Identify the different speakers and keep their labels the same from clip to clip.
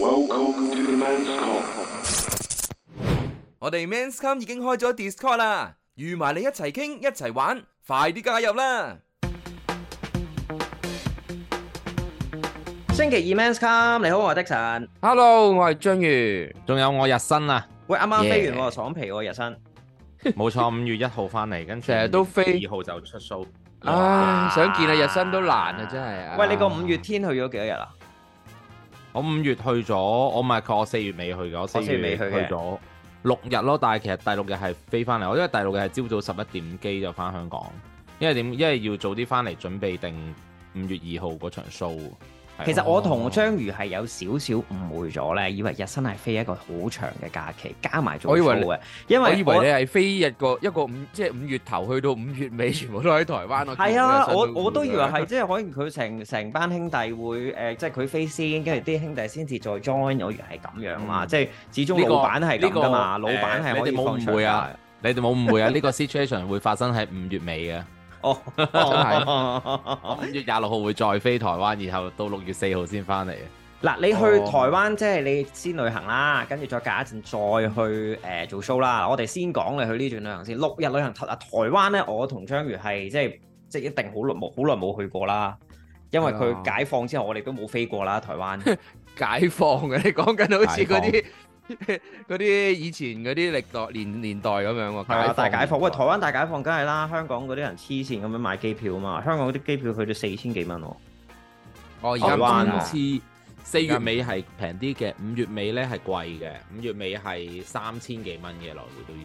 Speaker 1: Welcome to the Men's Come 我哋 Men's Come 已經開咗 Discord 啦，預埋你一齊傾一齊玩，快啲加入啦！
Speaker 2: 星期二 Men's Come 你好，我係 Dixon Hello，我係章魚，仲有我日新啊！
Speaker 3: 喂哇，啱啱飛完，我爽皮日新，冇錯，五月一號翻嚟，跟住都飛二號就出 show。唉，想見啊日新都難啊，真係啊！喂，你個五月天去咗幾多日啊？
Speaker 2: 我五月去咗，我咪我四月尾去嘅，四月尾去咗六日咯。但係其實第六日係飛翻嚟，我因為第六日係朝早十一點機就翻香港，因為點？因為要早啲翻嚟準備定五月二號嗰場 show。
Speaker 3: 其實我同章魚係有少少誤會咗咧，以為日新係飛一個好長嘅假期，加埋咗。我以為，因為我，我以為你係飛一個一個五，即係五月頭去到五月尾，全部都喺台灣啊。係啊，我都我都以為係，即係可能佢成成班兄弟會誒、呃，即係佢飛先，跟住啲兄弟先至再 join。我以為係咁樣啊，嗯、即係始終老闆係咁噶嘛，呢個呢個、老闆係我哋冇誤會啊。
Speaker 2: 你哋冇誤會啊，呢、呢個 situation 會發生喺五月尾嘅。 哦，真係、 嗯！跟住廿六號會再飛台灣，然後到六月四號先翻嚟。
Speaker 3: 嗱、啊，你去台灣即係你先旅行啦，跟住再隔一陣再去誒、呃、做 show 啦。我哋先講你去呢段旅行先，六日旅行啊！台灣咧，我同章魚係即係即係一定好耐冇好耐冇去過啦，因為佢解放之後我哋都冇飛過啦。台灣解放嘅， 放 你講緊好似嗰啲。嗰啲 以前
Speaker 1: 嗰啲歷代年代、啊、年代咁樣喎，大解放，喂，
Speaker 3: 台灣大解放，梗係啦。香港嗰啲人黐線咁樣買機票啊嘛，香港嗰啲機票去到四千幾蚊喎。
Speaker 2: 我而家好似四月尾係平啲嘅，五月尾咧係貴嘅。五月尾係三千幾蚊嘅來回都要。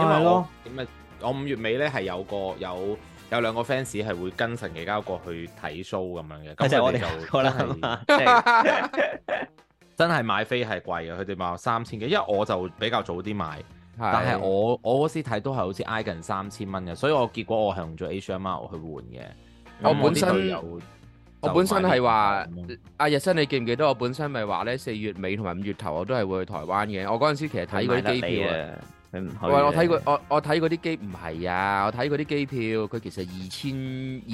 Speaker 2: 咁咪咯，咁啊，我五月尾咧係有個有有兩個 fans 係會跟神奇膠過去睇 show 咁樣嘅，咁我哋就係。可能真係買飛係貴嘅，佢哋話三千幾，因為我就比較早啲買，的但係我我嗰時睇都係好似挨近三千蚊嘅，所以我結果我係用咗 H M R 去換嘅。我本身我，我本身係話，阿、啊、日新你
Speaker 1: 記唔記得我本身咪話咧四月尾同埋五月頭我都係會去台灣嘅。我嗰陣時其實睇嗰啲機
Speaker 3: 票，啊、我睇佢我過
Speaker 1: 我睇嗰啲機唔係啊，我睇嗰啲機票佢其實二千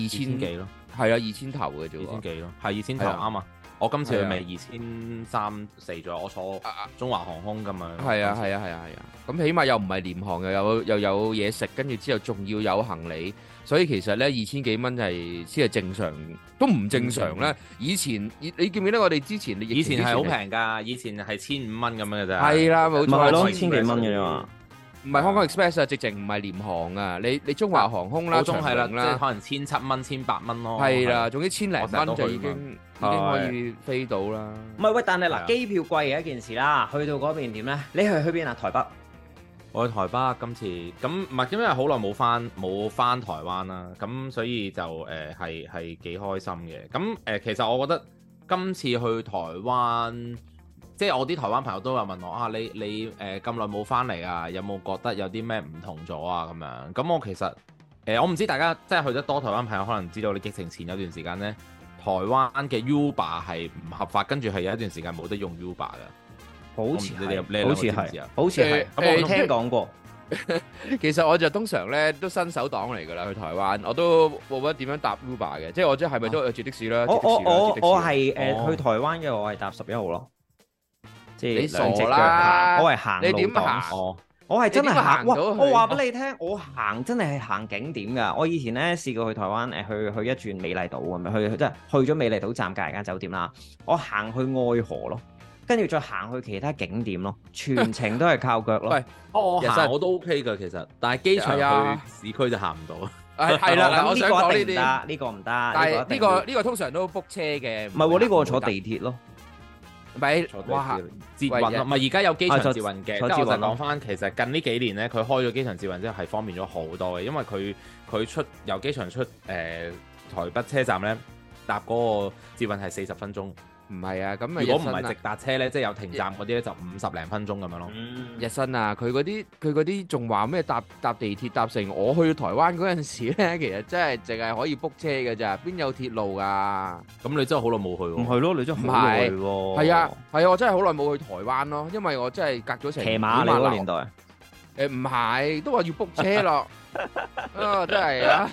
Speaker 1: 二千幾咯，係啊，二千頭嘅啫喎，二千幾咯，係二千頭啱啊。我今次去咪二
Speaker 2: 千三四咗，我坐中華航空咁樣。係啊，係啊，係啊，係啊。
Speaker 1: 咁、啊、起碼又唔係廉航嘅，又又有嘢食，跟住之後仲要有行李，所以其實咧二千幾蚊係先係正常，都唔正常啦。以前，你記唔記得我哋
Speaker 2: 之前？之前以前係好平㗎，以前係千五蚊咁樣嘅咋。係啦、啊，咪咯，千幾蚊嘅啫
Speaker 1: 嘛。唔係香港 Express 啊，直情唔係廉航啊！你你中華航空啦，係啦，即係可
Speaker 2: 能
Speaker 3: 千七蚊、千八蚊咯。係啦，總之
Speaker 1: 千零蚊就已經已經可以飛
Speaker 2: 到啦。
Speaker 3: 唔係喂，但係嗱，機票貴係一件事啦。去到嗰邊點咧？你去去邊啊？台北。
Speaker 2: 我去台北今次，咁唔係因為好耐冇返冇返台灣啦，咁所以就誒係係幾開心嘅。咁誒，其實我覺得今次去台灣。即係我啲台灣朋友都有問我啊，你你誒咁耐冇翻嚟啊，有冇覺得有啲咩唔同咗啊？咁樣，咁我其實誒，我唔知大家即係去得多台灣朋友可能知道，你疫情前有段時間咧，台灣嘅 Uber 係唔合法，跟住係有一段時間冇得用 Uber 噶。
Speaker 1: 好似係，好似係，好似係。咁我冇聽講過。其實我就通常咧都新手黨嚟㗎啦，去台灣我都冇乜點樣搭 Uber 嘅，即係我即係咪都坐的士啦？我我我係去台灣
Speaker 3: 嘅，我係搭十一號咯。你傻啦！我係行路行，你點行，我係真係行。哇！我話俾你聽，我行真係係行景點噶。我以前咧試過去台灣誒，去去一轉美麗島咁樣，去即係去咗美麗島站隔籬間酒店啦。我行去愛河咯，跟住再行去其他景點咯，全程都係靠腳咯。其實我都 OK 噶，其實，但係機場去市區就行唔到。係啦，我想講呢啲，呢個唔得。但係呢個呢個通常都 book 車嘅。唔係喎，呢個坐地鐵咯。
Speaker 2: 咪下哇！捷運咯，唔係而家有機場捷運嘅。但我就講翻，其實近呢幾年咧，佢開咗機場捷運之後係方便咗好多嘅，因為佢佢出由機場出誒、呃、台北車站咧，搭嗰個捷運係四十分鐘。唔係啊，咁、啊、如果唔係直達車咧，即、就、係、是、有停站嗰啲咧，就五十零分鐘咁樣咯。嗯、日新啊，佢
Speaker 1: 嗰啲佢嗰啲仲話咩搭搭地鐵搭成。我去台灣嗰陣時咧，其實真係淨係可以 book 車㗎咋，邊有鐵路㗎？咁
Speaker 2: 你真係好耐冇去喎、啊。唔係咯，你真係好耐
Speaker 1: 係啊，係啊，啊，我真係好耐冇去台灣咯，因為我真係隔咗成騎馬嚟嗰年代。
Speaker 3: 誒，唔係、欸，都話要 book 車咯，
Speaker 1: 啊、 哦，真
Speaker 3: 係啊！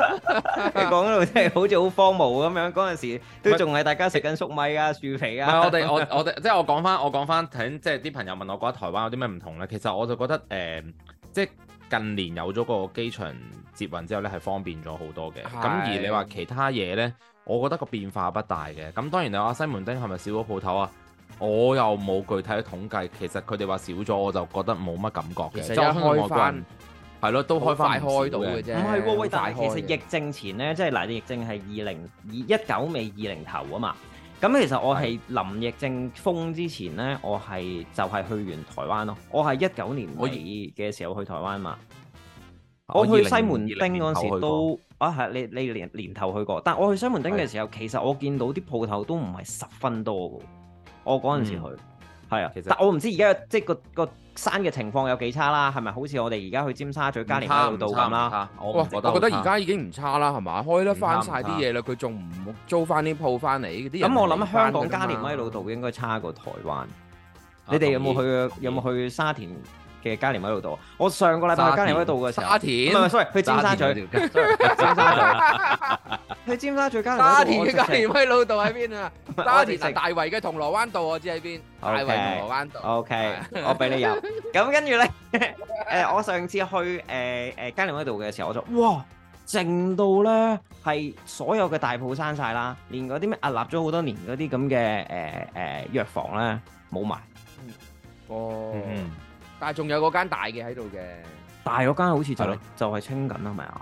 Speaker 3: 你講到真係好似好荒謬咁樣，嗰陣時都仲係大家食緊粟米啊、薯皮啊。我哋我我哋，即係我講翻，我講翻，睇即係啲朋友問我，覺得台灣有啲咩唔同咧？其實我就覺得
Speaker 2: 誒，即係近年有咗個機場接運之後咧，係方便咗好多嘅。咁而你話其他嘢咧，我覺得個變化不大嘅。咁當然你話，西門町係咪少咗鋪頭啊？我又冇具體嘅統計，其實佢哋話少咗，我就覺得冇乜感覺嘅。即係開翻，
Speaker 3: 係咯，都開翻，快開到嘅啫。唔係喎，但係其實疫症前咧，即係嗱，疫症係二零二一九尾二零頭啊嘛。咁其實我係臨疫症封之前咧，我係就係去完台灣咯。我係一九年尾嘅時候去台灣嘛。我去西門町嗰陣時都啊係，你你年年頭去過，但我去西門町嘅時候，其實我見到啲鋪頭都唔係十分多嘅。我嗰陣時去，係啊，但我唔知而家即係個個山嘅情況有幾差啦，係咪好似我哋而家去尖沙咀加連威老道咁啦？我覺得我覺得而家已經唔差啦，係嘛？
Speaker 1: 開得翻晒啲嘢啦，
Speaker 3: 佢仲唔
Speaker 1: 租翻啲鋪翻嚟。啲咁我諗香港加連威老
Speaker 3: 道應該差過台灣。啊、你哋有冇去意意有冇去沙田？嘅加連威老道，我上個禮拜去加連威老道嘅時候，唔係，sorry，去尖沙咀，
Speaker 1: 去尖沙咀加連威。加連威老道喺邊啊？嘉年大圍嘅銅鑼灣道我知喺邊，大圍銅鑼灣道。
Speaker 3: O K，我俾你入。咁跟住咧，誒，我上次去誒誒加連威老道嘅時候，我就哇，靜到咧係所有嘅大鋪閂曬啦，連嗰啲咩屹立咗好多年嗰啲咁嘅誒誒藥房咧冇埋。哦。
Speaker 1: 但係仲有嗰間大嘅
Speaker 3: 喺度嘅，大嗰間好似就的就係清緊係咪啊？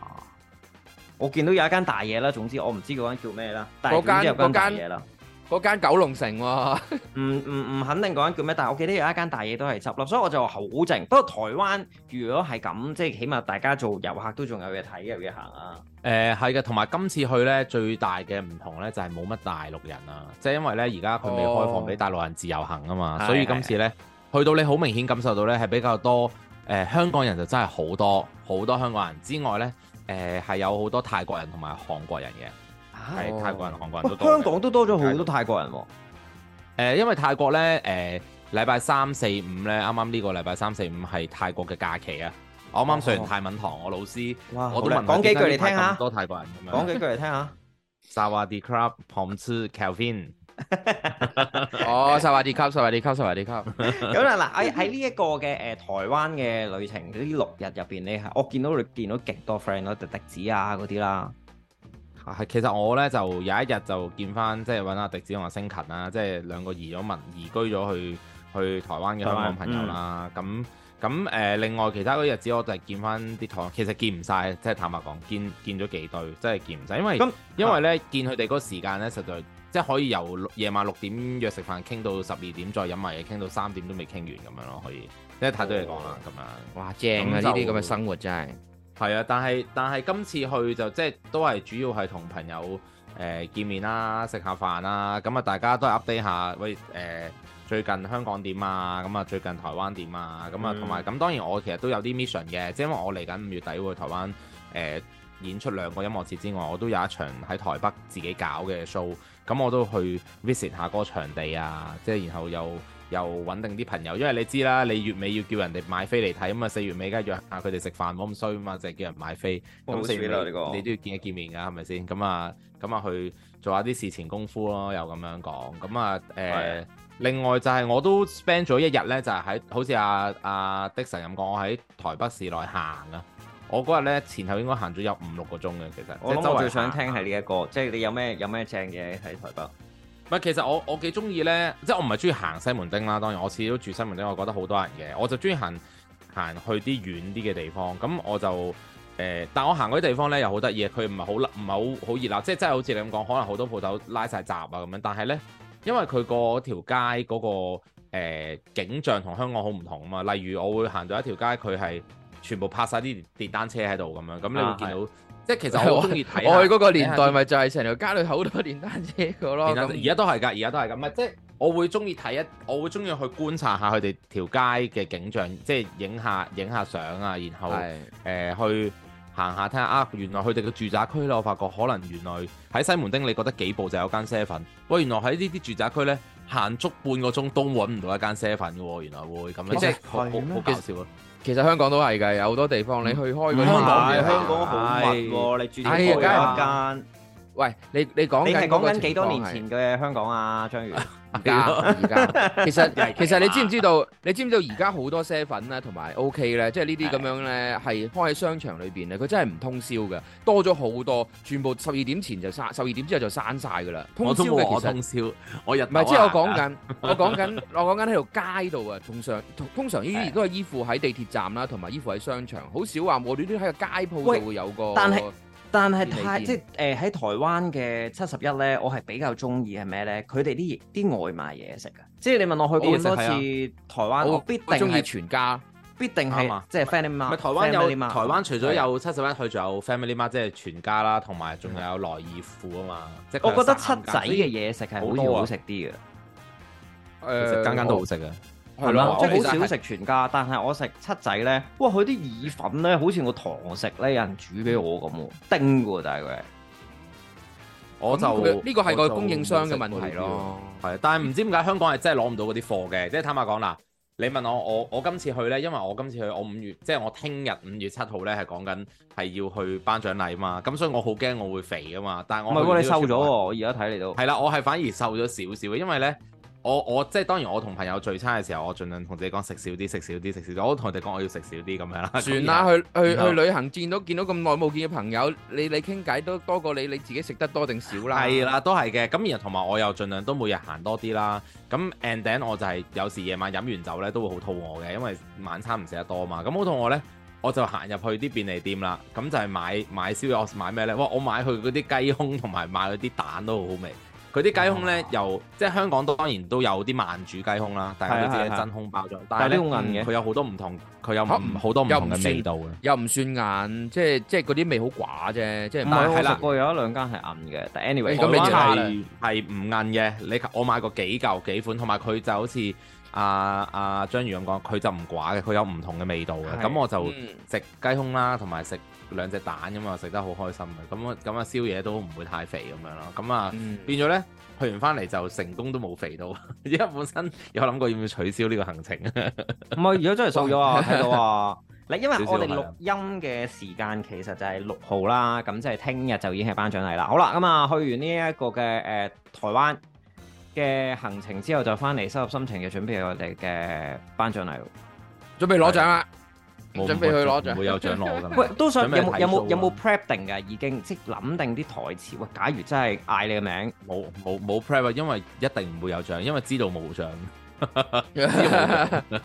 Speaker 3: 我見到有一間大嘢啦，總之我唔知嗰間叫咩啦。間但間嗰間嘢啦，嗰間九龍城喎、啊，唔唔唔肯定嗰間叫咩，但係我記得有一間大嘢都係執笠，所以我就話好靜。不過台灣如果係咁，即係起碼大家做遊客都仲有嘢睇，有嘢行啊。
Speaker 2: 誒係嘅，同埋今次去咧最大嘅唔同咧就係冇乜大陸人啊，即、就、係、是、因為咧而家佢未開放俾大陸人自由行啊嘛，哦、所以今次咧。去到你好明顯感受到咧，係比較多誒、呃、香港人就真係好多好多香港人之外咧，誒、呃、係有好多泰國人同埋韓國人嘅，
Speaker 3: 係、啊、泰國
Speaker 2: 人、韓國人都多。哦、香
Speaker 3: 港都多咗好多泰
Speaker 2: 國人、哦。誒、呃，因為泰國咧，誒禮拜三四五咧，啱啱呢個禮拜三四五係泰國嘅假期啊！我啱啱、哦、上完泰文堂，我老師，哇我講幾句嚟聽下。多泰國人咁樣，講幾句嚟聽下。สวัสดีครับ ผมชื่อ Kelvin 哦，十八地級，十八地級，十八地級。咁啊，嗱
Speaker 3: 喺喺呢一個嘅誒台灣嘅旅程呢六日入邊咧，我見到佢見到極多 friend 咯，迪迪子啊嗰啲啦。
Speaker 2: 係，其實我咧就有一日就見翻，即係搵阿迪子同阿星勤啦，即係兩個移咗民移居咗去去台灣嘅香港朋友啦。咁咁誒，另外其他嗰日子，我就見翻啲台，其實見唔晒，即係坦白講，見見咗幾對，真係見唔晒，因為、嗯、因為咧見佢哋嗰個時間咧，實在。即係可以由夜晚六點約食飯，傾到十二點，再飲埋嘢，傾到三點都未傾完咁樣咯。可以，即係太多嘢講啦。咁樣哇，正啊！呢啲咁嘅生活真係係啊。但係但係今次去就即係都係主要係同朋友誒、呃、見面啦、啊，食下飯啦。咁啊，大家都係 update 下喂誒、呃、最近香港點啊？咁啊，最近台灣點啊？咁啊，同埋咁當然我其實都有啲 mission 嘅，即係因為我嚟緊五月底會台灣誒、呃、演出兩個音樂節之外，我都有一場喺台北自己搞嘅 show。咁我都去 visit 下嗰個場地啊，即係然後又又穩定啲朋友，因為你知啦，你月尾要叫人哋買飛嚟睇，啊嘛，四月尾梗係約下佢哋食飯冇咁衰啊嘛，就係叫人買飛，咁哇四月，那個、你都要見一見面噶，係咪先？咁啊咁啊去做下啲事前功夫咯，又咁樣講，咁啊誒，呃、的另外就係我都 spend 咗一日呢，就係、是、喺好似阿阿的神咁講，我喺台北市內行啊。我嗰日咧前後應該行咗有五六個鐘嘅，其實我就最想聽係呢一個，即係你有咩有咩正嘢喺台北？唔係，其實我我幾中意咧，即係我唔係中意行西門町啦。當然我次次都住西門町，我覺得好多人嘅。我就中意行行去啲遠啲嘅地方。咁我就誒、呃，但我行嗰啲地方咧又好得意，佢唔係好唔係好好熱鬧，即係即係好似你咁講，可能好多鋪頭拉晒閘啊咁樣。但係咧，因為佢個條街嗰、嗰個、呃、景象同香港好唔同啊嘛。例如我會行到一條街，佢係。全部拍晒啲電單車喺度咁樣，咁你會見到，啊、即係其實我好中意睇。我哋嗰個年代咪就係成條街裏好多
Speaker 1: 電單車個咯。而家
Speaker 2: 都係㗎，而家都係咁。咪即係我會中意睇一，我會中意去觀察下佢哋條街嘅景象，即係影下影下相啊，然後誒是、呃、去行下睇下啊，原來佢哋嘅住宅區咧，我發覺可能原來喺西門町，你覺得幾步就有一間西粉。喂，原來喺呢啲住宅區咧，行足半個鐘都揾唔到一間西粉嘅喎。原來會咁樣啊，即係實嗎好，好搞笑啊！其實香港都係㗎，有好多地方你去開嗰啲。唔係是，香港，香港好密喎，哎、你住喺嗰
Speaker 1: 間。哎、喂，你你講緊幾多年前嘅香港啊，章魚。 而家， 其實其實你知唔知道？你知唔知道而家好多 set 粉咧，同埋 OK 咧、啊，即係呢啲咁樣咧，係是的 開喺商場裏邊咧，佢真係唔通宵嘅，多咗好多，全部十二點前就刪，十二點之後就刪晒噶啦。通宵嘅其實，我，我，通宵我日唔係、啊、即係我講緊， 我講緊，我講緊喺度街度啊，通常通常呢啲都係依附喺地鐵站啦，同
Speaker 3: 埋依附喺商場，好少話我哋啲喺個街鋪度會有個。但係太即係誒喺台灣嘅七十一咧，我係比較中意係咩咧？佢哋啲啲外賣嘢食噶，即係你問我去過咁多次台灣，我必定中意全家，必定係即係 FamilyMart。咪台灣有台灣除咗有
Speaker 2: 七十一，佢仲有 FamilyMart，即係全家啦，同埋仲
Speaker 3: 有萊爾富啊嘛。即係我覺得七仔嘅嘢食係好好食啲嘅，誒，間間都好食嘅。係咯，即係好少食全家，係，但係我食七仔咧，哇！佢啲意粉咧，好似我堂食咧，有人煮俾我咁喎，叮嘅、嗯、就係佢。嗯、我就呢個係個供應商嘅問題咯。係、嗯，但係唔知點解香
Speaker 2: 港係真係攞唔到嗰啲貨嘅。即係坦白講啦，你問我，我我今次去咧，因為我今次去，我五月即係我聽日五月七號咧，係講緊係要去頒獎禮嘛。咁所以我好驚我會肥啊嘛。但係我唔係喎，你瘦咗喎，我
Speaker 3: 而家睇嚟都係啦，我
Speaker 2: 係反而瘦咗少少，因為咧。我我即係當然，我同朋友聚餐嘅時候，我盡量同自己講食少啲，食少啲，食少啲。我同佢哋講我要食少啲咁樣啦。船啦、啊，樣去去去旅行，見到見到咁耐冇見嘅朋友，你你傾偈都多過
Speaker 1: 你你自己食得多定少啦。係啦，
Speaker 2: 都係嘅。咁然後同埋我又盡量都每日行多啲啦。咁 ending 我就係、是、有時夜晚飲完酒咧，都會好肚餓嘅，因為晚餐唔食得多啊嘛。咁好肚餓呢，我就行入去啲便利店啦。咁就係買買宵夜，買咩呢？哇！我買佢嗰啲雞胸同埋買嗰啲蛋都好好味。佢啲雞胸咧，又即係香港都當然都有啲慢煮雞胸啦，但係佢自己真空
Speaker 3: 包裝。但係呢個硬嘅，佢有
Speaker 2: 好多唔同，佢有唔好
Speaker 3: 多唔同嘅味道
Speaker 1: 嘅，又唔算硬，即係即係嗰啲味好寡啫。即係我食
Speaker 3: 過有一兩間係
Speaker 2: 硬嘅，但 anyway，咁你間係唔硬嘅。你我買過幾嚿幾款，同埋佢就好似阿阿章魚咁講，佢就唔寡嘅，佢有唔同嘅味道嘅。咁我就食雞胸啦，同埋食。兩隻蛋㗎嘛，食得好開心嘅，咁咁啊燒嘢都唔會太肥咁樣咯，咁啊、嗯、變咗咧去完翻嚟就成功都冇肥到。而
Speaker 3: 家本身有諗過要唔要取消呢個行程啊，唔係如果真係瘦咗啊， 我睇到啊，你 因為我哋錄音嘅時間其實就係六號啦，咁的即係聽日就已經係頒獎禮啦，好啦，咁啊去完呢一個嘅誒、呃、台灣嘅行程之後，就翻嚟收拾心情嘅準備我哋嘅頒獎禮，準備攞獎啊！準備去攞獎，唔 會有獎攞㗎。 喂，都想 有冇有冇有冇 prep 定㗎已經？即係諗定啲
Speaker 2: 台詞。喂，假如真係嗌你個名，冇冇冇 prep 因為一定唔會有獎，因為知道冇獎。 好閪人啊！ 的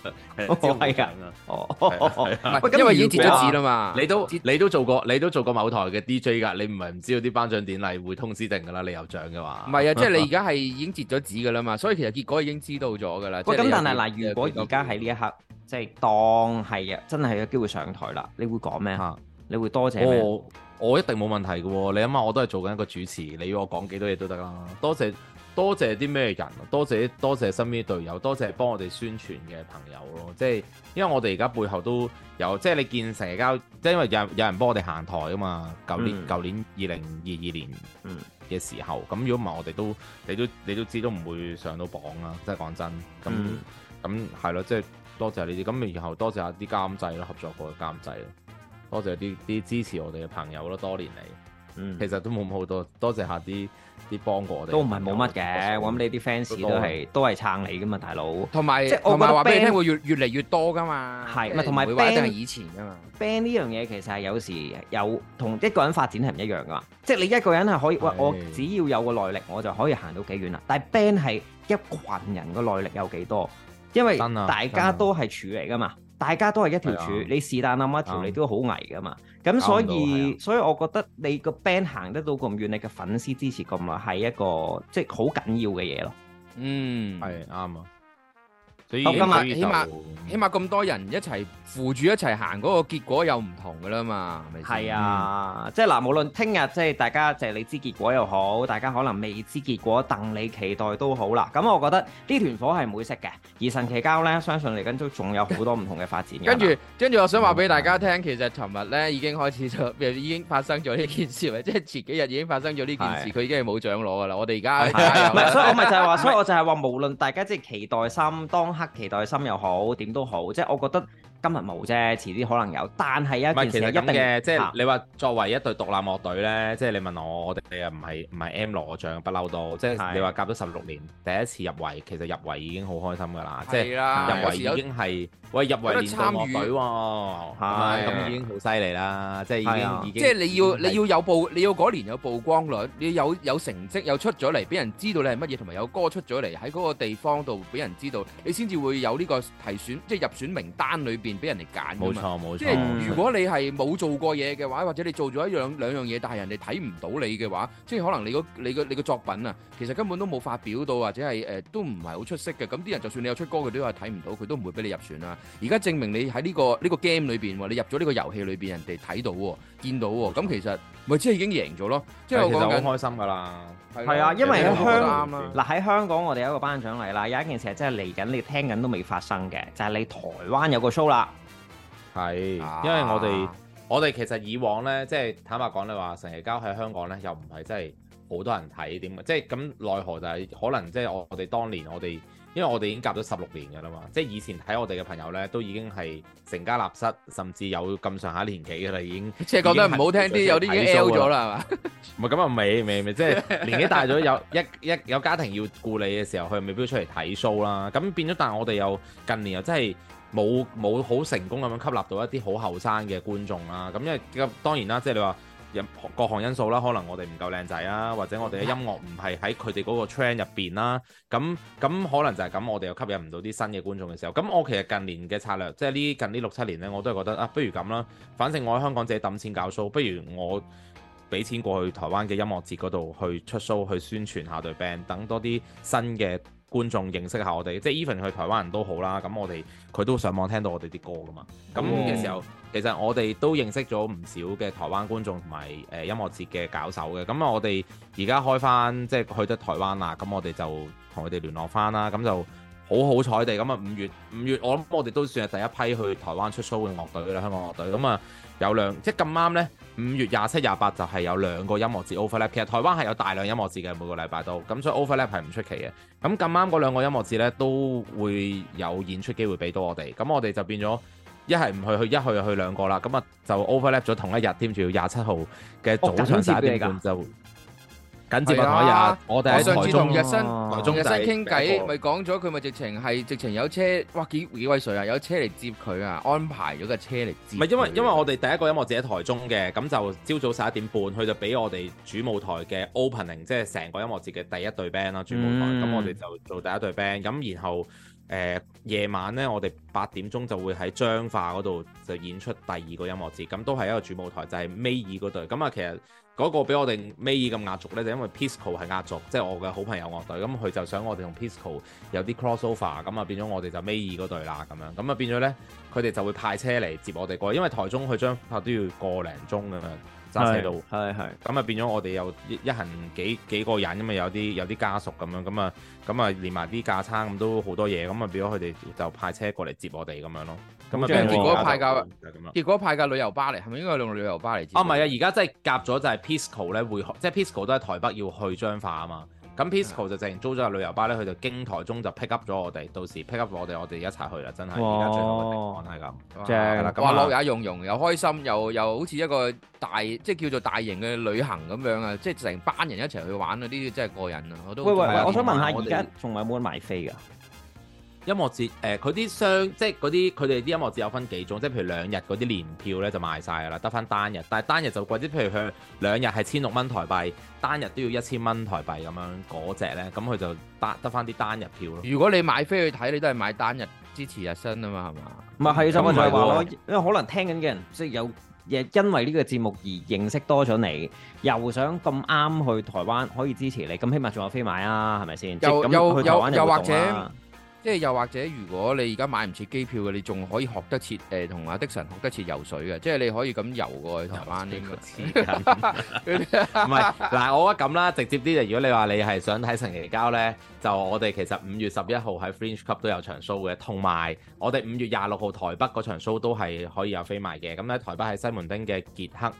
Speaker 2: 哦，是 哦是、 嗯，因為已經截咗紙啦嘛。 你都你都做過，你都做過某台嘅 DJ 噶。你唔係唔知道啲頒獎典禮會通知定噶啦。你有獎嘅話，唔係啊，即係你而家係已經截咗紙噶啦嘛。所以其實結果已
Speaker 1: 經
Speaker 3: 知道咗噶啦。咁、嗯、但係嗱，如果而家喺呢一刻， 即係當係啊，真係有機會上台啦，你會講咩嚇？你會多謝我、哦、我一定冇問題嘅喎。你諗下，我都係
Speaker 2: 做緊一個主持，你要我講幾多嘢都得啦。多謝。多謝啲咩人啊？多謝多謝身邊啲隊友，多謝幫我哋宣傳嘅朋友咯。即係因為我哋而家背後都有，即係你見社交，即係因為有人有人幫我哋行台啊嘛。舊年、嗯、舊年二零二二年嘅時候，咁如果唔係我哋都你都你都，你都知都唔會上到榜啦、嗯。即係講真，咁咁係咯，即係多謝你哋，咁然後多謝下啲監製咯，合作過嘅監製。多謝啲啲支持我哋嘅朋友咯，多年嚟。嗯，其實都冇
Speaker 3: 好多，多謝下啲啲幫過我哋。都唔係冇乜嘅，我諗你啲 fans 都係都係撐你噶嘛，大佬。同埋有即係同埋話俾你聽，Band, 會越越嚟越多噶嘛。係咪同埋 band 係以前噶嘛？band 呢樣嘢其實係有時有同一個人發展係唔一樣噶嘛。即係你一個人係可以是喂，我，只要有個耐力，我就可以行到幾遠啦。但係 band 係一群人個耐力有幾多？因為大家都係處理噶嘛。大家都係一條柱，是的你是但諗一條你都好危㗎嘛，咁對所以所以我覺得你個 band 行得到咁遠，你嘅粉絲支持咁耐係一個即係好緊要嘅嘢咯。嗯，係啱啊。好，起碼起
Speaker 1: 碼起碼咁多人一齊
Speaker 3: 扶住一齊行嗰個結果又唔同㗎喇嘛，係啊，即係嗱，無論聽日即係大家就係你知結果又好，大家可能未知結果等你期待都好啦。咁我覺得呢團火係唔會熄嘅，而神奇膠呢，相信嚟緊都仲有好多唔同嘅發展。跟住跟住，我想話
Speaker 1: 俾大家聽，其實尋日呢已經開始咗，已經發生咗呢件事啦，即係前幾日已經發
Speaker 3: 生咗呢件事，佢已經係冇獎攞㗎喇。我哋而家唔係，所以我咪就係話，所以我就係話，無論大家即係期待心當。期待心又好，點都好，即係我覺得。今日冇啫，遲啲可能有。但係一件事一定，即係你話作為一隊獨立樂隊呢，即係你問我，我
Speaker 2: 哋啊唔係唔係 M 羅像不嬲都，即係你話夾咗十六年，第一次入圍，其實入圍已經好開心㗎啦。係啦，入圍已經係喂入圍年度樂隊喎，咁已經好犀利啦？即係已經已經，即係你要你
Speaker 1: 要有曝，你要嗰年有曝光率，你要有有成績，又出咗嚟俾人知道你係乜嘢，同埋有歌出咗嚟喺嗰個地方度俾人知道，你先至會有呢個提選，即係入選名單裏邊。俾人哋揀，冇錯冇錯，錯即係如果你係冇做過嘢嘅話，或者你做咗一樣兩,兩樣嘢，但係人哋睇唔到你嘅話，即係可能你個你個你個作品啊，其實根本都冇發表到，或者係誒、呃、都唔係好出色嘅。咁啲人就算你有出歌，佢都係睇唔到，佢都唔會俾你入選啦。而家證明你喺呢、這個呢個 game 裏邊，你入咗呢個遊戲裏邊，人哋睇到、哦、見到、哦，咁其實咪即係已經贏咗咯。即係我講緊
Speaker 3: 開心㗎啦，係啊，因為喺香港嗱喺香港，我哋、啊、有一個頒獎禮啦。有一件事係真係嚟緊，你聽緊都未發生嘅，就係、是、你台灣有個 show 啦。
Speaker 2: 係，因為我哋、啊、我哋其實以往呢，即係坦白講，你話成日交喺香港呢，又唔係真係好多人睇點，即係咁奈何就係、是、可能即係我我哋當年我哋，因為我哋已經夾咗十六年㗎啦嘛，即係以前睇我哋嘅朋友呢，都已經係成家立室，甚至有咁上下年紀㗎啦，已經,已經即係講得唔好聽啲，看 有啲已經 l 咗啦，係嘛？唔係咁啊，未未未，即係、就是、年紀大咗，有一一,一有家庭要顧你嘅時候，佢未必出嚟睇 show 啦。咁變咗，但係我哋又近年又真係。冇冇好成功咁樣吸納到一啲好後生嘅觀眾啦、啊，咁因為當然啦，即係你話各項因素啦，可能我哋唔夠靚仔啊，或者我哋嘅音樂唔係喺佢哋嗰個 trend 入邊啦、啊，咁咁可能就係咁，我哋又吸引唔到啲新嘅觀眾嘅時候，咁我其實近年嘅策略，即係呢近呢六七年呢，我都係覺得啊，不如咁啦，反正我喺香港自己揼錢搞 show，不如我俾錢過去台灣嘅音樂節嗰度去出 show 去宣傳下隊 band 等多啲新嘅。觀眾認識下我哋，即係 even 去台灣人都好啦。咁我哋佢都上網上聽到我哋啲歌噶嘛。咁嘅、oh. 時候，其實我哋都認識咗唔少嘅台灣觀眾同埋誒音樂節嘅搞手嘅。咁啊，我哋而家開翻即係去咗台灣啦。咁我哋就同佢哋聯絡翻啦。咁就好好彩地咁啊！五月五月，我諗我哋都算係第一批去台灣出 show 嘅樂隊啦，香港樂隊咁啊，有兩即係咁啱呢。五月廿七、廿八就係有兩個音樂節 overlap，其實台灣係有大量音樂節嘅，每個禮拜都，咁所以 overlap 係唔出奇嘅。咁咁啱嗰兩個音樂節呢，都會有演出機會俾到我哋，咁我哋就變咗一係唔去，去一去就去兩個啦，咁啊就 overlap 咗同一日添，仲要廿七號嘅早上十一點半就。緊接唔到呀！啊、我哋喺台中。日新台中傾、就、偈、是，咪講咗佢咪直情係直情有車，哇！幾幾位誰啊？有車嚟接佢啊！安排咗個車嚟接、啊。唔係因為因為我哋第一個音樂節喺台中嘅，咁就朝早十一點半，佢就俾我哋主舞台嘅 opening，即係成個音樂節嘅第一隊 band 啦。主舞台咁、嗯、我哋就做第一隊 band。咁然後誒夜、呃、晚咧，我哋八點鐘就會喺彰化嗰度就演出第二個音樂節，咁都係一個主舞台，就係、是、尾二嗰、e、隊。咁啊，其實～嗰個俾我哋尾二咁壓軸呢，就是、因為 Pisco 係壓軸，即、就、係、是、我嘅好朋友樂隊，咁、嗯、佢就想我哋同 Pisco 有啲 crossover，咁啊變咗我哋就尾二嗰隊啦，咁樣，咁啊變咗呢，佢哋就會派車嚟接我哋過去，因為台中去彰化都要個零鐘咁樣揸車到。係係，咁啊變咗我哋有一行幾幾個人，咁啊有啲有啲家屬咁樣，咁啊咁啊連埋啲架撐咁都好多嘢，咁啊變咗佢哋就派車過嚟接我哋咁樣咯。咁啊、嗯，結果派架，結果派架旅遊巴嚟，係咪應該用旅遊巴嚟接？啊，唔係啊，而家真係夾咗，就係 Pisco 咧，會即係 Pisco 都喺台北要去彰化啊嘛。咁 Pisco 就直情租咗個旅遊巴咧，佢就經台中就 pick up 咗我哋，到時 pick up 我哋，我哋一齊去啊！真係而家最好嘅情況係咁正，哇，樂也
Speaker 1: 融融，那范范又開心，又又好似一個大即係叫做大型嘅旅行咁樣啊！即係成班人一齊去玩啊！呢啲真係過癮啊！我都喂喂，我想問下，我哋而家
Speaker 2: 仲有冇得買飛㗎？音樂節誒，佢啲商，即係嗰啲佢哋啲音樂節有分幾種，即係譬如兩日嗰啲年票咧就賣晒噶啦，得翻單日，但係單日就貴啲。譬如佢兩日係千六蚊台幣，單日都要一千蚊台幣咁樣嗰隻咧，咁佢就得得翻啲單日票咯。如果你買
Speaker 3: 飛去睇，你都係買單日支持日新啊嘛，係嘛？唔係係就話因為可能聽緊嘅人即係、就是、有，因為呢個節目而認識多咗你，又想咁啱去台灣可以支持你，咁起碼仲有飛買啊，係咪先？即、啊、又或者。
Speaker 1: 即係又或者，如果你而家買唔切機票嘅，你仲可以學得切誒，同阿的神學得切游
Speaker 2: 水嘅，即係你可以咁游過去台灣啲。
Speaker 1: 唔係，
Speaker 2: 嗱， 我覺得咁啦，直接啲就如果你話你係想睇神奇膠呢，就我哋其實五月十一號喺 Fringe Club 都有場 show 嘅，同埋我哋五月廿六號台北嗰場 show 都係可以有飛賣嘅。咁咧，台北喺西門町嘅傑克。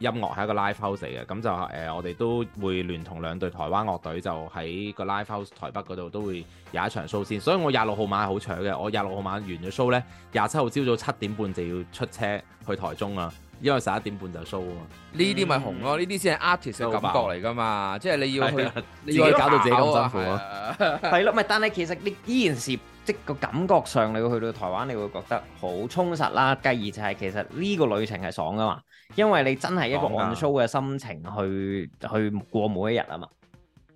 Speaker 2: 音樂係一個 live house 嚟嘅，咁就誒、呃，我哋都會聯同兩隊台灣樂隊，就喺個 live house 台北嗰度都會有一場 show 先。所以我廿六號晚係好搶嘅，我廿六號晚完咗 show 咧，廿七號朝早七點半就要出車去台中啊，因為十一點半就 show、嗯、就啊嘛。呢啲咪紅咯，呢啲先係 artist 嘅感覺嚟
Speaker 3: 噶嘛，即係你要去，啊、你要去搞到自己咁辛苦啊，係咯對、啊，咪、 啊、但係其實你依然是即個感覺上，你會去到台灣，你會覺得好充實啦、啊。繼而就係其實呢個旅程係爽噶嘛。因為你真係一個 on show 嘅心情去的去，去過每一日啊嘛，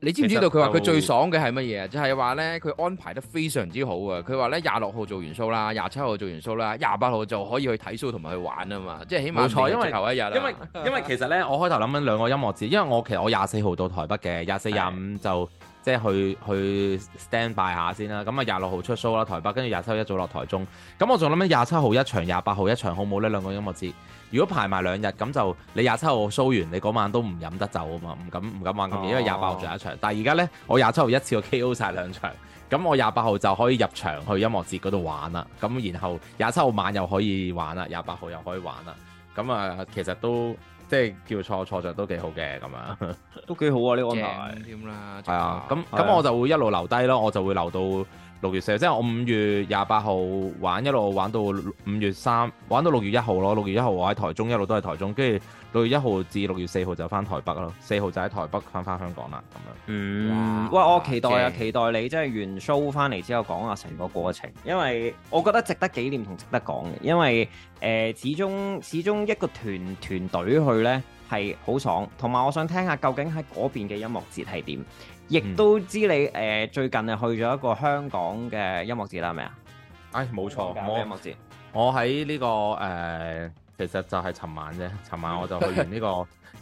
Speaker 3: 你知唔知道佢話佢最爽嘅係乜嘢啊？就係話呢，佢安排得
Speaker 1: 非常之好啊！佢話呢，廿六號做完 show 啦，廿七號做完 show 啦，廿八號就可以去睇 show 同埋去
Speaker 2: 玩啊嘛，即係錯起碼最後一日啦、啊。因為其實呢，我開頭諗緊兩個音樂節，因為我其實我廿四號到台北嘅，廿四廿五就的即係去去 stand by 下先啦。咁啊，廿六號出 show 啦，台北，跟住廿七號一早落台中。咁我仲諗緊廿七號一場，廿八號一場，好冇呢兩個音樂節。如果排埋兩日咁，就你廿七號 show 完，你嗰晚都唔飲得酒啊嘛，唔敢唔敢玩咁，因為廿八號仲有一場。啊、但係而家呢，我廿七號一次過 KO 晒兩場，咁我廿八號就可以入場去音樂節嗰度玩啦。咁然後廿七號晚又可以玩啦，廿八號又可以玩啦。咁啊，其實都即係叫錯錯着都幾好嘅咁樣，
Speaker 3: 都幾好啊呢、這個安排添啦。
Speaker 2: 係 啊，咁咁、啊、我就會一路留低咯，我就會留到。六月四號，即係我五月廿八號玩，一路玩到五月三，玩到六月一號咯。六月一號我喺台中，一路都喺台中，跟住六月一號至六月四號就翻台北咯。四號就喺
Speaker 3: 台北翻翻香港啦，咁樣。嗯，哇喂！我期待啊，yeah. 期待你即係完 show 翻嚟之後講啊成個過程，因為我覺得值得紀念同值得講嘅，因為誒、呃、始終始終一個團團隊去呢係好爽，同埋我想聽下究竟喺嗰邊嘅音樂節係點。亦都知你誒、呃、最近係去咗一個香港嘅音樂節啦，係咪啊？誒、哎，冇錯，音樂節。我喺呢、這個誒、呃，
Speaker 2: 其實就係尋晚啫。尋晚我就去完呢個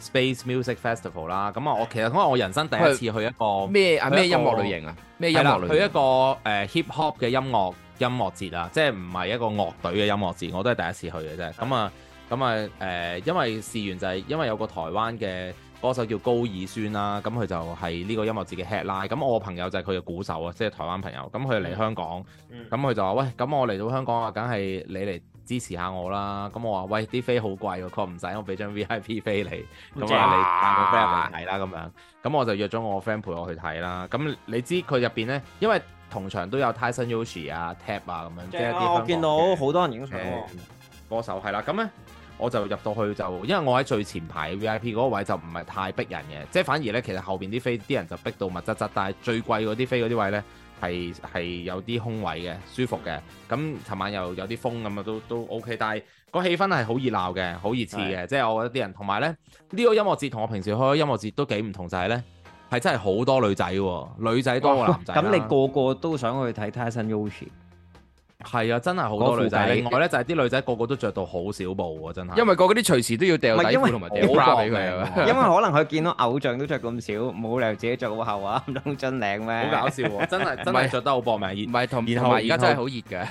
Speaker 2: Space Music Festival 啦。咁啊，我其實可能我人生第一次去一個咩啊咩音樂類型啊？咩了音樂類去一個誒、呃、hip hop 嘅音樂音樂節啦，即係唔係一個樂隊嘅音樂節，我都係第一次去嘅啫。咁啊的，咁啊誒，因為事緣就係因為有個台灣嘅。歌手叫高爾宣啦，咁佢就係呢個音樂節嘅 head line 啦，咁我朋友就係佢嘅鼓手啊，即係台灣朋友，咁佢嚟香港，咁佢、嗯、就話：喂，咁我嚟到香港啊，梗係你嚟支持下我啦。咁我話：喂，啲飛好貴喎，佢話唔使，我俾張 VIP 飛你，咁啊你帶個 friend 嚟睇啦。咁樣，咁我就約咗我個 friend 陪我去睇啦。咁你知佢入邊咧，因為同場都有 Tyson Yoshi 啊、Tap 啊咁樣，啊、即係啲香港歌手，係啦，咁咧。我就入到去就，因為我喺最前排 VIP 嗰位就唔係太逼人嘅，即係反而呢，其實後邊啲飛啲人就逼到密質質，但係最貴嗰啲飛嗰啲位呢，係係有啲空位嘅，舒服嘅。咁尋晚又有啲風咁啊，都都 OK。但係個氣氛係好熱鬧嘅，好熱刺嘅。的即係我覺得啲人，同埋呢，呢、這個音樂節同我平時開音樂節都幾唔同就係、是、呢，係真係好多女仔喎、啊，女仔多過男仔、啊。咁、哦哦、你個
Speaker 3: 個都想去睇 Tyson Yoshi？係啊，真係好多女仔。另外
Speaker 2: 咧，就係啲女仔個，個個都着到好少布喎，真係。因
Speaker 1: 為嗰啲隨時都要掉底褲同埋掉 bra 俾佢。
Speaker 3: 因為可能佢見到偶像都着咁少，冇理由自己着好厚啊，咁樣真靚咩？好搞笑，真係真係着是得好搏命，而
Speaker 2: 唔係同，然後而家真係好熱嘅。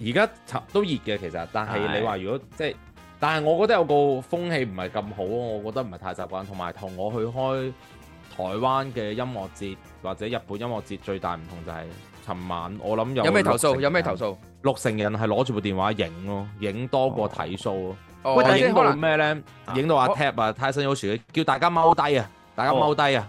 Speaker 2: 而 家都熱嘅，其實，但係你話如果即係，但係我覺得有個風氣唔係咁好，我覺得唔係太習慣。同埋同我去開台灣嘅音樂節或者日本音樂節，最大唔同就係、是。琴晚我諗有有咩投訴？有咩投訴？六成人係攞住部電話影咯，影多過睇數咯。喂，大家影到咩咧？影到阿 Tap 啊、Tyson 好似，叫大家踎低啊，大家踎低啊，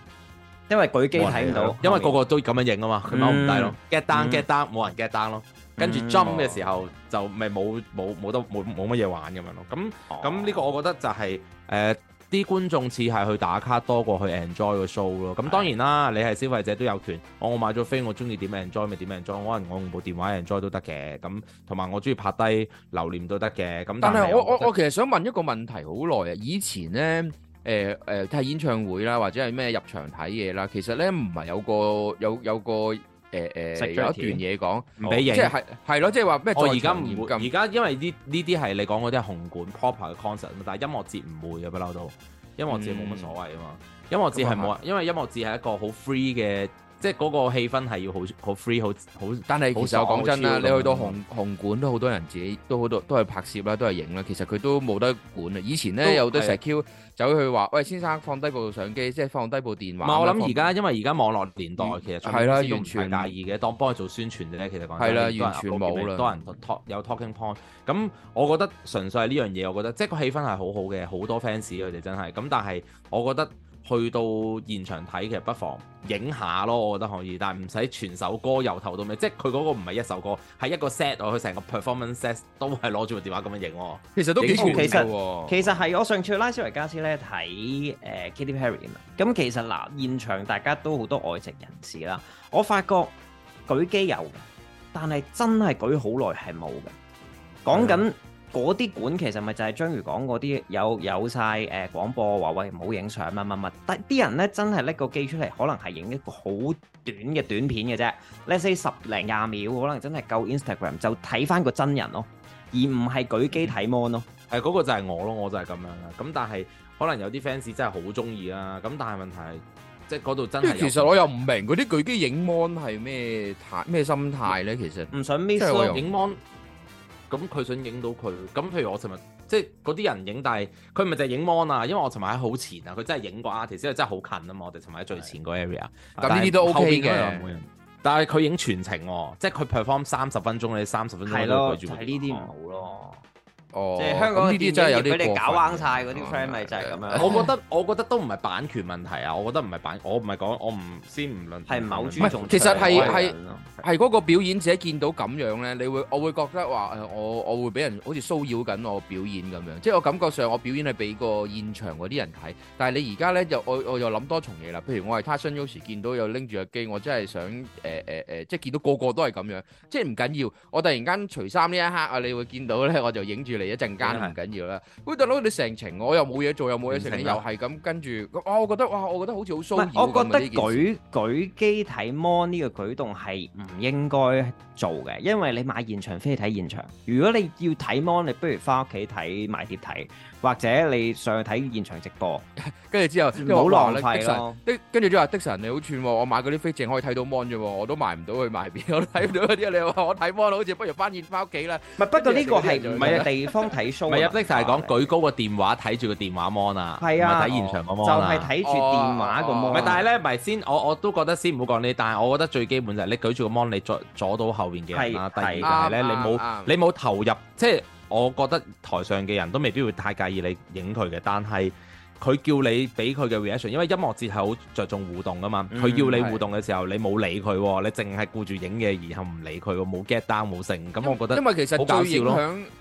Speaker 3: 因為舉機睇唔到。因為個個
Speaker 2: 都咁樣影啊嘛，佢踎唔低咯。Get down，get down，冇人 get down 咯。跟住 jump 嘅時候就咪冇冇冇得冇冇乜嘢玩咁樣咯。咁咁呢個我覺得就係誒。啲觀眾似係去打卡多過去 enjoy 個 show 咯的，咁當然啦，你係消費者都有權，我我買咗飛，我中意點 enjoy 咪點 enjoy，可能我用部電話 enjoy 都得嘅，咁同埋我中意拍低留念都得嘅。咁。但係我我我，我，我其實想問一個問題好耐啊，以前呢，誒誒睇演唱會啦，
Speaker 1: 或者係咩入場睇嘢啦，其實呢，唔係有個有有個。有有個誒誒，欸呃、食咗一段嘢
Speaker 2: 講，唔俾贏，即
Speaker 1: 係係咯，哦、即係話咩？我而家唔會
Speaker 2: 咁，而家因為呢呢啲係你講嗰啲係紅館 proper 嘅 concert，但係音樂節唔會嘅，不嬲都，音樂節冇乜所謂啊嘛，嗯、音樂節係冇啊，嗯、因為音樂節係一個好 free 嘅。即係嗰個氣氛係要好好 free 好好，但係其實講真啦，你去到紅
Speaker 1: 紅館都好多人自己都好多都係拍攝啦，都係影啦。其實佢都冇得管啊。以前咧都有好多石 Q 的走去話：喂，先生放低部相機，即係放低部電話。唔係，我諗而家
Speaker 2: 因為而家網絡年代其實係啦，完全唔介意嘅，當幫佢做宣傳嘅咧。其實講真係啦，完全冇啦。多人有 talk 有 talking point。咁我覺得純粹係呢樣嘢，我覺得即係個氣氛係好好嘅，好多 fans 佢哋真係。咁但係我覺得。去到現場睇，其實不妨影下咯，我覺得可以，但係唔使全首歌由頭到尾，即係佢嗰個唔係一首歌，係一個 set 落去成個 performance set 都係攞住部電話咁樣影，其實都幾全嘅。其實
Speaker 3: 係我上次去拉斯維加斯咧睇誒 Katy Perry 啊，咁其實嗱、呃、現場大家都好多外籍人士啦，我發覺舉機有，但係真係舉好耐係冇嘅，講緊。嗯嗰啲館其實咪就係章魚講嗰啲，有有曬誒廣播話，喂，唔好影相乜乜乜，但啲人咧真係拎個機出嚟，可能係影一個好短嘅短片嘅啫，例如十零廿秒，可能真係夠 Instagram，就睇翻個真人咯，而唔係舉機睇 mon 咯。係嗰個就係我咯，我就係咁樣啦。咁但係可能有啲 fans 真係好中意啦。咁但係
Speaker 2: 問題係即係嗰度真係其實我又唔明，嗰啲舉機影 mon 係咩態咩心態咧？其實唔想 miss 咗影 mon。咁佢想影到佢，咁譬如我尋日即係嗰啲人影，但係佢唔係淨係影 mon 啊，因為我尋日喺好前啊，佢真係影過 artist，因為真係好近啊嘛，我哋尋日喺最前個 area，咁呢啲都 OK 嘅。人但係佢影全程喎、哦，即係佢 perform 三十分鐘，你三十分鐘喺度攰住。係
Speaker 3: 呢啲唔好咯。
Speaker 2: 哦、即係香港呢啲、嗯、真係，有啲搞彎
Speaker 3: 曬嗰啲 friend，咪就係咁樣 我。我覺得
Speaker 2: 我覺得都唔係版權問題啊！我覺得唔係版，我唔係講，我唔先唔論係唔係好尊重。其實係係係嗰個
Speaker 1: 表演者見到咁樣咧，你會我會覺得話我我會俾人好似騷擾緊我表演咁樣。即係我感覺上我表演係俾個現場嗰啲人睇。但係你而家咧就我我又諗多重嘢啦。譬如我係 tasting 有時見到有拎住個機，我真係想誒誒誒，即係見到個個都係咁樣。即係唔緊要，我突然間除衫呢一刻啊，你會見到咧，我就影住。嚟一陣間唔
Speaker 3: 緊要啦，喂，大佬你成程我又冇嘢做，又冇嘢食，又係咁跟住，
Speaker 1: 我覺得哇，我覺得好似好騷擾。我覺得舉
Speaker 3: 舉機睇 mon 呢個舉動係唔應該做嘅，因為你買現場飛去睇現場。如果你要睇 mon，你不如翻屋企睇買碟睇，或者你上去睇現場直播。跟住之後唔好浪費咯。跟
Speaker 1: 跟住之後的神你好串喎，我買嗰啲飛淨可以睇到 mon 啫喎，我都買唔到去買邊，我都睇唔到嗰啲。你話我睇 mon 好似不如翻熱翻屋企啦。唔係，不過呢個係唔係啊地？
Speaker 2: 方睇 show 咪入職就係講，舉高個電話睇住個電話 mon 啊，係啊，睇現場 mon 就係睇住電話個 mon 唔係？但係咧，唔係先，我我都覺得先唔好講呢。但係我覺得最基本就係你舉住個 mon 你阻阻到後邊嘅人啦。第二係咧，你冇你冇投入，即係我覺得台上嘅人都未必會太介意你影佢嘅。但係佢叫你俾佢嘅 reaction，因為音樂節係好着重互動噶嘛。佢叫你互動嘅時候，你冇理佢，你淨係顧住影嘅，然後唔理佢，冇 get down，冇成。咁我覺得因為其實好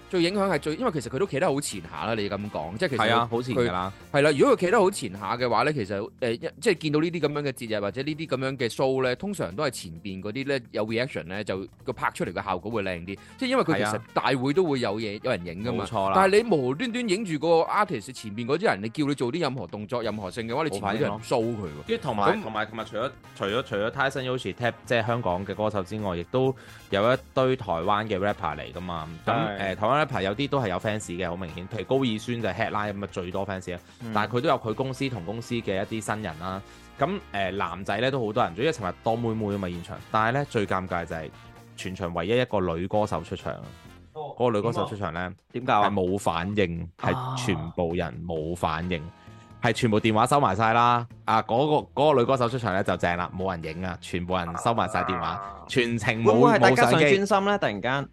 Speaker 1: 最影響係最，因為其實佢都企得好前下啦。你咁講，即係其實佢係啦。如果佢企得好前下嘅話咧，其實誒即係見到呢啲咁樣嘅節日或者呢啲咁樣嘅 show 咧，通常都係前邊嗰啲咧有 reaction 咧，就個拍出嚟嘅效果會靚啲。即係因為佢其實大會都會有嘢有人影噶嘛。錯啦！但係你無端端影住個 artist 前邊嗰啲人，你叫你做啲任何動作、任何性嘅話，你前邊啲人 show
Speaker 2: 佢喎。跟住同埋同埋同埋，除咗除咗 Tyson Yoshi Tap 即係香港嘅歌手之外，亦都有一堆台灣嘅 rapper 嚟噶嘛。咁誒台灣。有啲都係有 fans 嘅，好明顯，譬如高爾宣就係 headline 咁啊，最多 fans 啊。但係佢都有佢公司同公司嘅一啲新人啦。咁誒、嗯呃、男仔咧都好多人，因為尋日多妹妹啊嘛現場。但係咧最尷尬就係全場唯一一個女歌手出場。嗰、哦、個女歌手出場咧，點解啊冇反應？係、啊、全部人冇反應，係全部電話收埋晒啦。啊嗰、啊那個那個女歌手出場咧就正啦，冇人影啊，全部人收埋晒電話，啊、全程冇冇。會會大家想專心咧，突然間。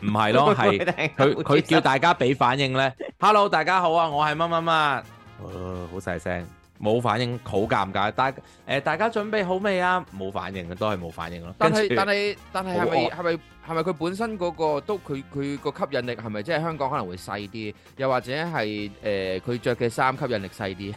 Speaker 2: 唔係咯，係佢佢叫大家俾反應咧。Hello，大家好啊，我係乜乜乜。誒，好細聲，冇反應，好尷尬。大誒，大家準備好未啊？冇反應，都係冇反應咯。但係但係
Speaker 1: 但係係咪係咪係咪佢本身嗰個都佢佢個吸引力係咪即係香港可能會細啲？
Speaker 2: 又或者係誒佢著嘅衫吸引力細啲？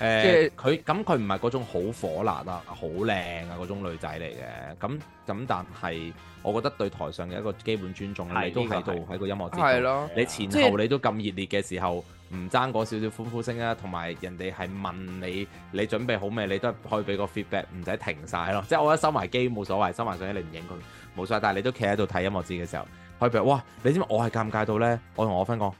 Speaker 2: 誒，呃、即係佢咁，佢唔係嗰種好火辣啊、好靚啊嗰種女仔嚟嘅。咁咁，但係我覺得對台上嘅一個基本尊重，的你都喺度喺個音樂節目。咯的，你前後你都咁熱烈嘅時候，唔爭嗰少少歡呼聲啊，同埋人哋係問你，你準備好咩？你都可以俾個 feedback，唔使停晒咯。即係我一收埋機冇所謂，收埋相你唔影佢冇曬，但係你都企喺度睇音樂節嘅時候，可以譬如：「哇！你知唔知我係尷尬到咧？我同我分講。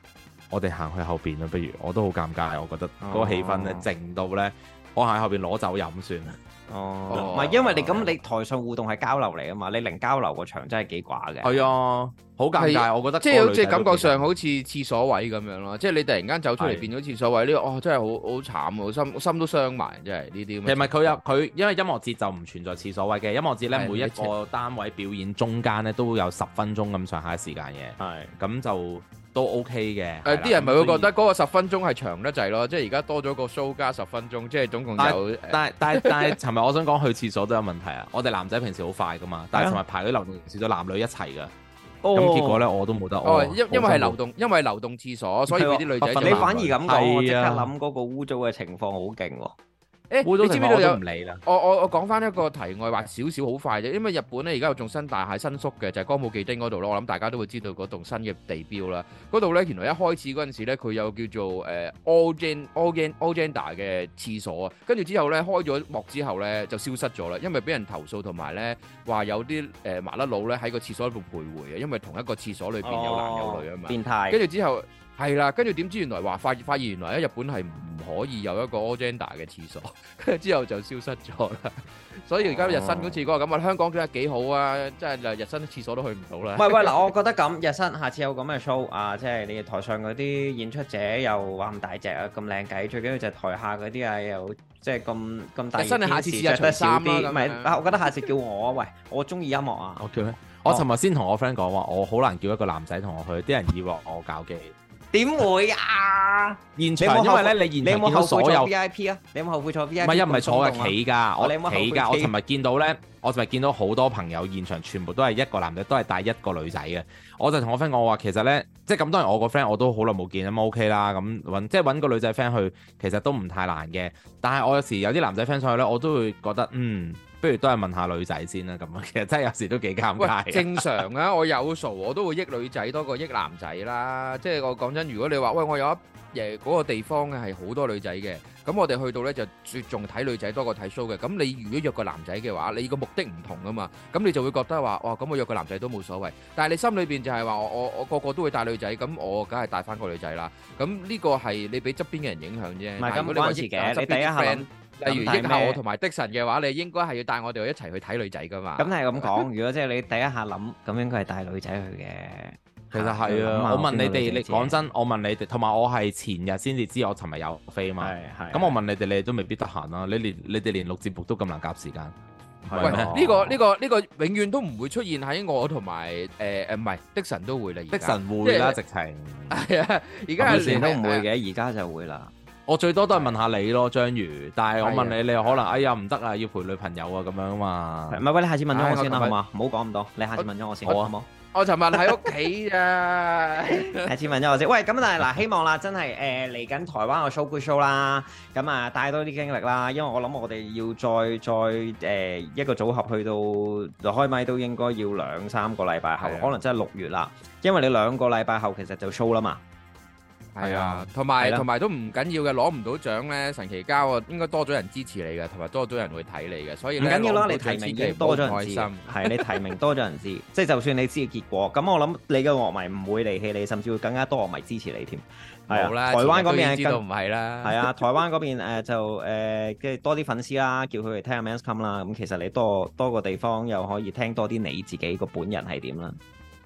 Speaker 2: 我哋行去後邊啦，不如我都好尷尬，我覺得嗰個氣氛咧靜到咧，我行喺後邊攞酒飲算啦。哦，唔係因為你咁，
Speaker 3: 你台上互動係交流嚟啊嘛，你零交流個場真係幾寡嘅。係啊，好尷尬，我覺得。即係即係感覺
Speaker 2: 上好似廁所位咁樣咯，即係你突然間走出嚟變咗廁所位呢個，哇，真係好
Speaker 1: 好慘喎，心心都傷
Speaker 2: 埋，即係呢啲。其實係佢有佢，因為音樂節就唔存在廁所位嘅。音樂節咧，每一個單位表演中間咧都有十分鐘咁上下時間嘅。係咁就。都 OK 嘅，誒啲人咪會覺得嗰個十分鐘係長得滯咯，即係而家多咗個 show 加十分鐘，即係總共有。但但但係尋日我想講去廁所都有問題啊！我哋男仔平時好快噶嘛，但係尋日排喺流
Speaker 3: 動廁所男女一齊噶，咁結果呢，我都冇得。因因為係流
Speaker 1: 動，因為流動廁所，所以啲女仔你反而咁講，我即刻諗
Speaker 3: 嗰個污糟嘅情況好勁喎。
Speaker 1: 誒，欸、你知唔知道我理我我講翻一個題外話少少，好快啫，因為日本咧而家又仲新大廈新宿嘅，就係、是、歌舞伎町嗰度咯。我諗大家都會知道嗰棟新嘅地標啦。嗰度咧原來一開始嗰陣時咧，佢有叫做誒、呃、All Gender All Gender 嘅廁所啊。跟住之後咧開咗幕之後咧就消失咗啦，因為俾人投訴同埋咧話有啲誒麻甩佬咧喺個廁所度徘徊啊，因為同一個廁所裏邊有男有女啊嘛。Oh, oh，變態。跟住之後。係啦，跟住點知原來話發發現原來喺日本係唔可以有一個 all gender 嘅廁所，跟
Speaker 3: 住之後就消失咗啦。
Speaker 1: 所以而家日新嗰次講話咁話，啊、香港真係幾好啊！即係日新啲廁所都去唔到啦。喂喂嗱，我
Speaker 3: 覺得咁日新，下次有咁嘅 show 啊，即係你台上嗰啲演出者又話咁大隻啊，咁靚仔，最緊要就係台下嗰啲啊，又即係咁咁大。日新，你下次試下著少啲，唔我覺得下次叫我啊， 喂，我中意音樂啊。Okay. 我
Speaker 2: 叫咩？我尋日先同我 friend 講話，我好難叫一個男仔同我去，啲人以為我，我搞基。
Speaker 3: 點會啊？
Speaker 2: 現場因為咧，你現場你有冇見到所有 V
Speaker 3: I P 啊，你有冇後悔坐 V I P？唔係一唔係坐嘅企噶，我你企噶，我尋日
Speaker 2: 見到咧，我尋日見到好多朋友現場全部都係一個男仔都係帶一個女仔嘅，我就同我 friend 講，我話其實咧，即係咁多人，當然我個 friend 我都好耐冇見，咁 OK 啦，咁搵即係搵個女仔 friend 去，其實都唔太難嘅。但係我有時有啲男仔 friend 上去咧，我都會覺得嗯，不如都係問下女仔先啦咁樣。其實真係有時都幾尷尬。正
Speaker 1: 常啊，我有數，我都會益女仔多過益男仔啦。即係我講真，如果你話喂，我有一誒嗰個地方係好多女仔嘅，咁我哋去到咧就注重睇女仔多過睇 show 嘅。咁你如果約個男仔嘅話，你個目的唔同啊嘛。咁你就會覺得話哇，咁我約個男仔都冇所謂。但係你心裏邊就係話我我我個個都會帶女仔，咁我梗係帶翻個女仔啦。咁呢個係你俾側邊嘅人影響啫。唔係咁關事嘅，你第一。例如應我同埋的神嘅話，你應該係要帶我哋一齊去睇女仔噶嘛？咁係
Speaker 3: 咁講，如果即係你第一下諗，咁應該係帶女仔去嘅。其實係啊，我問你哋，你講真，我問
Speaker 2: 你哋，同埋我係前日先至知我尋日有飛嘛？係係。咁我問你哋，你都未必得閒啦。你連你哋連錄節目都咁難夾時間。喂，呢個呢個呢個永遠都唔
Speaker 1: 會出現喺我同埋誒誒，唔係的神都會啦。的神會啦，直情。
Speaker 3: 係啊，而家係。以前都唔會嘅，而
Speaker 2: 家就會啦。我最多都係問下你咯，章魚。但係我問你，
Speaker 3: 你又可能哎呀唔得啊，要陪女朋友啊咁樣啊嘛。唔係，喂你下次問咗我先啦，好嘛？唔好講咁多。你下次問咗我先，我好冇？我尋日喺
Speaker 1: 屋企咋。
Speaker 3: 下次問咗我先。喂，咁但係嗱，希望啦，真係誒嚟緊台灣嘅 show good show 啦。咁啊，帶多啲經歷啦。因為我諗我哋要再再誒一個組合去到開咪都應該要兩三個禮拜後，可能真係六月啦。因為你兩個禮拜後其實就 show 啦嘛。係啊，同埋同埋都唔緊要嘅，攞唔到獎咧，神奇膠啊，應該多咗人支持
Speaker 1: 你嘅，同埋多咗人會睇你嘅，所以你攞唔到提名嘅己多咗人知，係 你提
Speaker 3: 名多咗人知，即係 就算你知結果，咁我諗你嘅樂迷唔會離棄你，甚至會更加多樂迷支持你添。係啊，啦台灣嗰邊更唔係
Speaker 1: 啦，係啊，
Speaker 3: 台灣嗰邊就誒，即、呃、係多啲粉絲啦，叫佢哋聽下 Men's Come 啦，咁其實你多多個地方又可以聽多啲你自己個本人係點啦。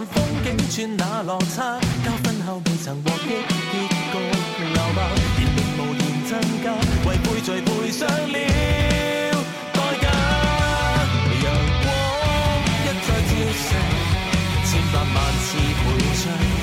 Speaker 2: 風景轉那落差，交婚後未曾獲益，結局，留白。年齡無言增加，為背罪背上了代價。陽光一再照射，千百萬次陪襯。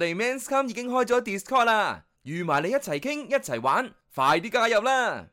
Speaker 1: 我哋 Men's Come 已經開咗 Discord 啦，預埋你一齊傾一齊玩，快啲加入啦！